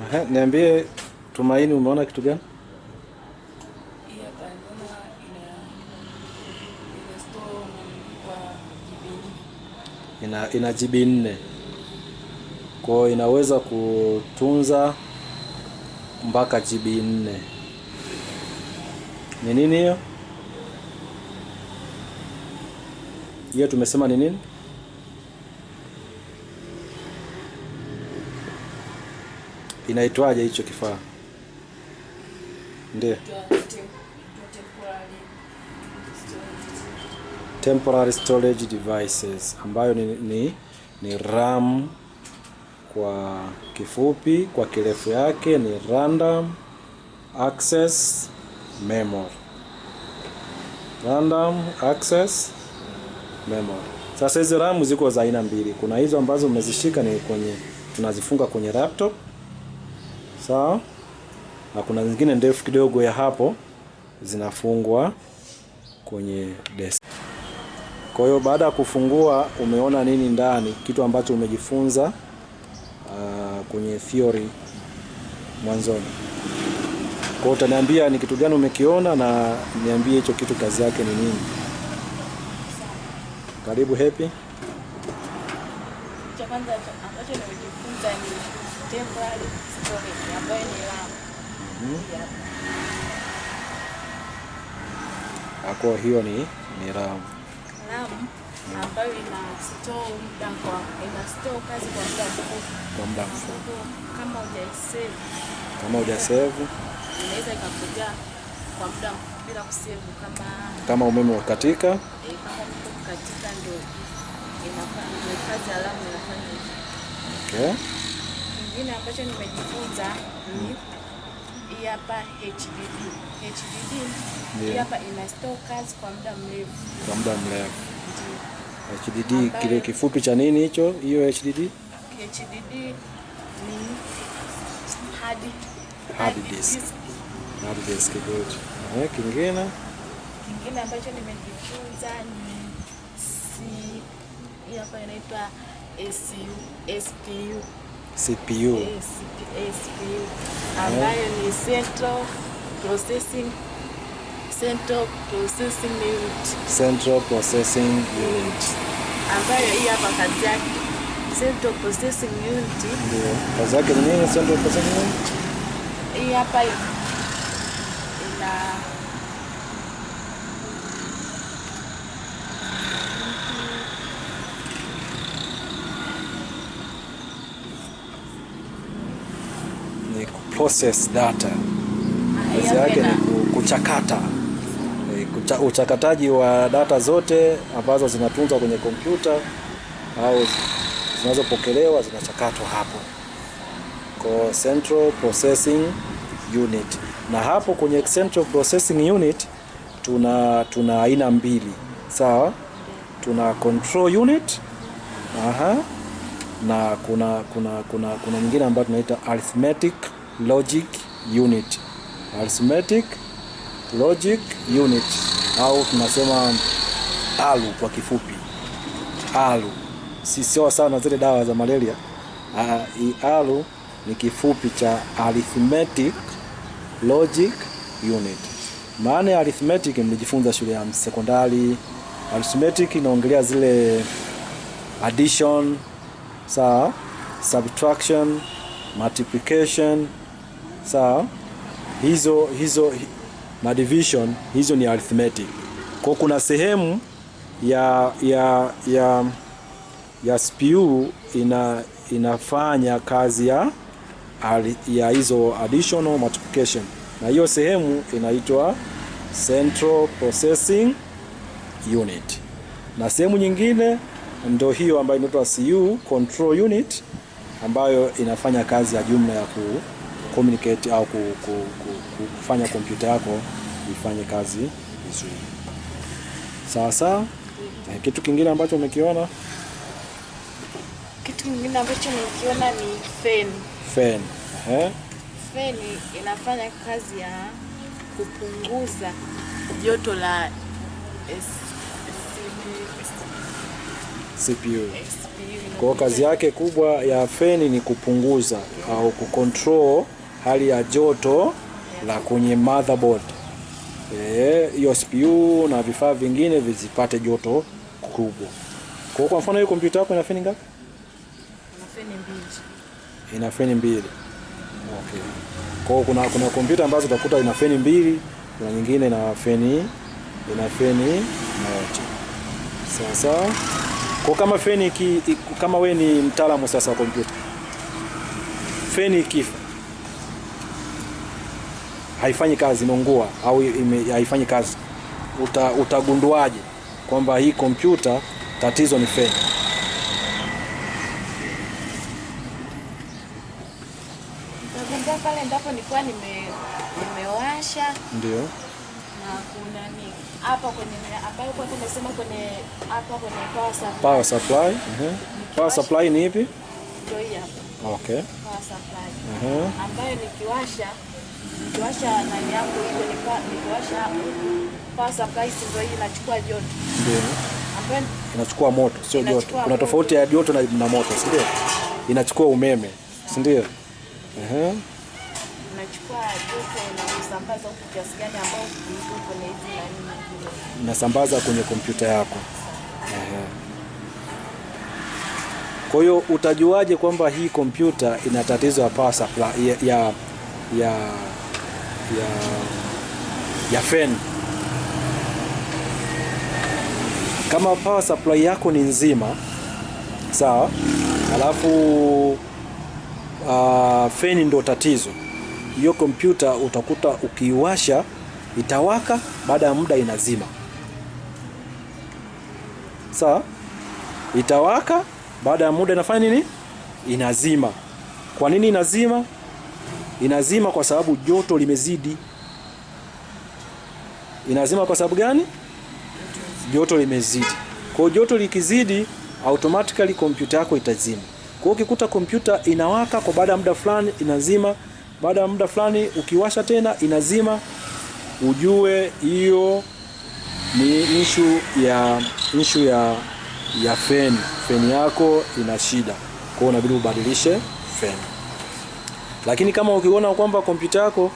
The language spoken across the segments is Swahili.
Aha, niambie Tumaini, umeona kitu gani? Ina, ina jibi nne kwao, inaweza kutunza mpaka jibi nne. Ni nini hiyo? Hiyo tumesema ni nini? inaitwaje hicho kifaa? Ndio, temporary storage devices ambayo ni, ni, ni RAM kwa kifupi, kwa kirefu yake ni random access memory. Random access memory. Sasa hizi RAM ziko za aina mbili, kuna hizo ambazo umezishika ni kwenye tunazifunga kwenye laptop sawa na kuna zingine ndefu kidogo ya hapo zinafungwa kwenye desk. Kwa hiyo baada ya kufungua, umeona nini ndani, kitu ambacho umejifunza uh, kwenye theory mwanzoni. Kwa hiyo utaniambia ni kitu gani umekiona, na niambie hicho kitu kazi yake ni nini. Karibu Happy. Cha kwanza ambacho nimejifunza ni temporary Hmm? ako ah, hiyo ni ni ramu ambayo muda kwa kazi kwa muda mfupi, kwa muda Kama hujaisave kama inaweza kwa muda bila kusave, kama kama umeme ukatika, eh, kama umeme kazi okay. Kingine ambacho nimejifunza ni hii hapa HDD. HDD hii hapa ina store kazi kwa muda mrefu. Kwa muda mrefu. HDD kile kifupi cha nini hicho? Hiyo HDD? HDD ni hard hard disk. Hard disk good. Eh, kingine kingine ambacho nimejifunza ni si hapa inaitwa SPU. SPU. CPU. Yes, eh, CPU eh, eh. ambayo ni Central Processing Central Processing Unit. Central Processing Unit. Ambayo hii hapa kazi yake Central Processing Unit. Ndio. Kazi yake ni nini Central Processing Unit? Hii hapa ina process data, kazi yake ni kuchakata e, Kucha, uchakataji wa data zote ambazo zinatunzwa kwenye kompyuta au zinazopokelewa zinachakatwa hapo kwa Central Processing Unit, na hapo kwenye Central Processing Unit tuna tuna aina mbili sawa, tuna control unit aha, na kuna kuna kuna kuna nyingine ambayo tunaita arithmetic logic unit, arithmetic logic unit au tunasema ALU kwa kifupi. ALU si sawa sana zile dawa za malaria. ALU ni kifupi cha arithmetic logic unit. Maana ya arithmetic mlijifunza shule ya sekondari. Arithmetic inaongelea zile addition, sawa, subtraction, multiplication sawa. Hizo hizo division hizo ni arithmetic. Kwa kuna sehemu ya, ya, ya, ya spew ina inafanya kazi ya ya hizo additional multiplication, na hiyo sehemu inaitwa central processing unit, na sehemu nyingine ndo hiyo ambayo inaitwa CU control unit ambayo inafanya kazi ya jumla ya ku communicate au ku, ku, ku, ku, kufanya kompyuta yako ifanye kazi vizuri. Sawa sawa. Eh, kitu kingine ambacho umekiona? Kitu kingine ambacho nikiona ni fen. Fen. Ehe. Fan inafanya kazi ya kupunguza joto la CPU. Kwa kazi yake kubwa ya feni ni kupunguza au kucontrol hali ya joto la kwenye motherboard eh, hiyo e, CPU na vifaa vingine vizipate joto kubwa. Kwa kwa mfano hiyo kompyuta yako ina feni ngapi? Ina feni mbili. Ina feni mbili. Okay. Kwa hiyo kuna kuna kompyuta ambazo utakuta ina feni mbili, kuna nyingine ina feni ina feni moja. Sasa kwa kama feni ki, kama we ni mtaalamu sasa wa kompyuta. Feni ikifa haifanyi kazi, imeungua au ime, haifanyi kazi, uta, utagunduaje kwamba hii kompyuta tatizo ni feni? Nitagundua pale nime, nimewasha ndio na kuna ni hapa kwenye ambayo kwa tumesema kwenye hapa kwenye power supply. Power supply, uh-huh. Power supply ni ipi? Ndio hapa. Okay. Power supply. -huh. Ambayo nikiwasha nikiwasha nani yangu hiyo nikiwasha power supply hizo hii inachukua joto. Ndio. inachukua moto, sio joto. Kuna tofauti ya joto na, na moto, si Inachukua umeme, si Inachukua joto na kusambaza huko kiasi ambao uko na hizi nani. Inasambaza kwenye kompyuta yako. Kwa hiyo utajuaje kwamba hii kompyuta ina tatizo ya power ya, ya, ya ya, ya fan. Kama power supply yako ni nzima sawa, alafu uh, ah, feni ndo tatizo, hiyo kompyuta utakuta ukiiwasha itawaka, baada ya muda inazima. Sawa, itawaka, baada ya muda inafanya nini? Inazima. Kwa nini inazima? inazima kwa sababu joto limezidi. Inazima kwa sababu gani? Joto limezidi. Kwa joto likizidi, automatically kompyuta yako itazima. Kwa hiyo ukikuta kompyuta inawaka kwa baada ya muda fulani inazima, baada ya muda fulani ukiwasha tena inazima, ujue hiyo ni ishu ya ishu ya ya feni. Feni yako ina shida, kwa hiyo unabidi ubadilishe feni. Lakini kama ukiona kwamba kompyuta yako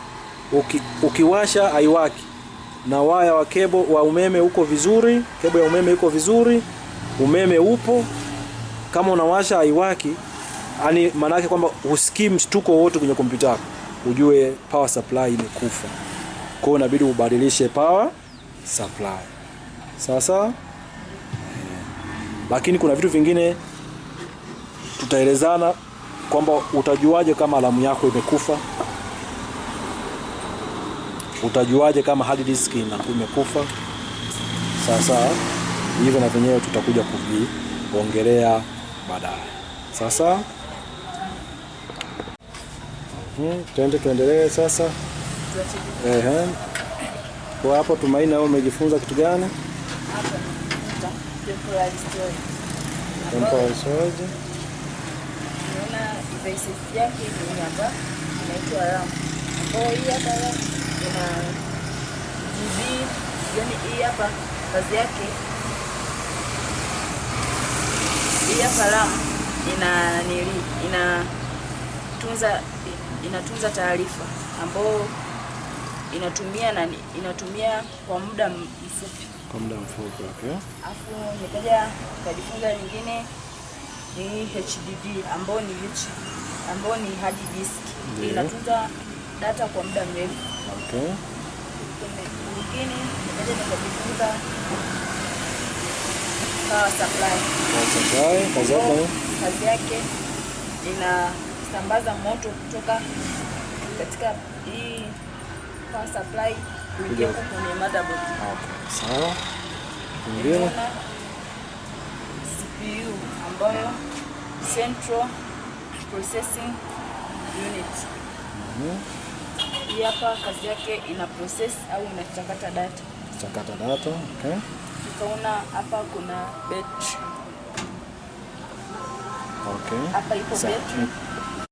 uki, ukiwasha haiwaki na waya wa kebo wa umeme uko vizuri, kebo ya umeme iko vizuri, umeme upo, kama unawasha haiwaki, yani maana yake kwamba usikii mshtuko wote kwenye kompyuta yako, ujue power supply imekufa. Kwa hiyo inabidi ubadilishe power supply. Sasa lakini kuna vitu vingine tutaelezana kwamba utajuaje kama alamu yako imekufa? Utajuaje kama hard disk ina imekufa? Sasa hivyo na venyewe tutakuja kuviongelea baadaye. Sasa mhm, tuende tuendelee sasa. Ehe, kwa hapo Tumaini, ao umejifunza kitu gani? Temporary storage. Temporary storage verses yake ni hapa inaitwa Ram, ambayo hii hapa Ram ina juzii, yani hii hapa kazi yake hii hapa Ram ina nili inatunza inatunza taarifa ambayo inatumia nani inatumia kwa muda mfupi kwa muda mfupi okay. Afu nikaja nikajifunza nyingine hii HDD ambao ni ambao ni hard disk inatunza data kwa muda mrefu. Okay. Nyingine nikaja nikajifunza power supply. Power supply kazi yake kazi yake inasambaza moto kutoka katika hii power supply kuingia huko kwenye motherboard. Okay. Sawa. Nyingine CPU ambayo Central Processing Unit. Mm -hmm. hii hapa kazi yake ina process au inachakata data. Chakata data, okay. Tukaona hapa kuna battery. Okay. Hapa ipo battery.